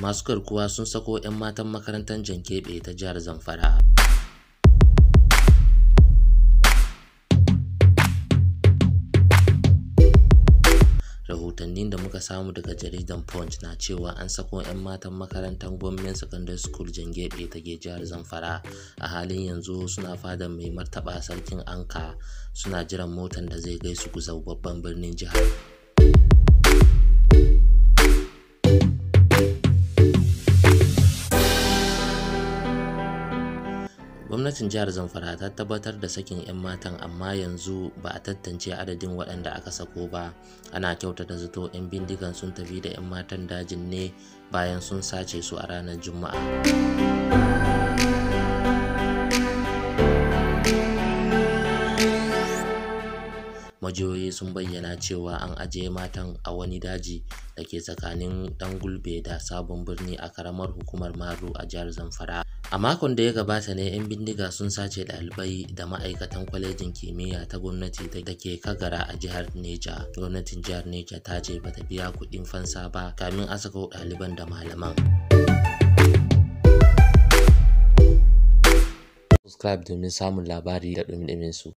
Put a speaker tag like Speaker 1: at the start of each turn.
Speaker 1: masu karkuwa sun sako 'yan matan makarantar jankebe ta jihar zamfara rahotannin da muka samu daga jaridan punch na cewa an sako 'yan matan makarantar gwamnan secondary school jangebe ta ke jihar zamfara a halin yanzu suna fada mai martaba sarkin anka suna jiran motan da zai gaisu guza babban birnin jihar gwamnatin jihar zamfara ta tabbatar da sakin 'yan matan amma yanzu ba a tantance adadin waɗanda aka sako ba ana kyautata zato 'yan bindigan sun tafi da 'yan matan dajin ne bayan sun sace su a ranar juma'a majiyoyi sun bayyana cewa an ajiye matan a wani daji da ke tsakanin gulbe da sabon birni a karamar hukumar maru a jihar zamfara A makon da ya gabata ne 'yan bindiga sun sace ɗalibai da ma'aikatan kwalejin kimiyya ta gwamnati da ke Kagara a jihar Neja. Gwamnatin jihar Neja ta ce ta biya kuɗin fansa ba kamin a saka ɗaliban da
Speaker 2: malaman. subscribe domin samun labari da ɗumɗuminsu.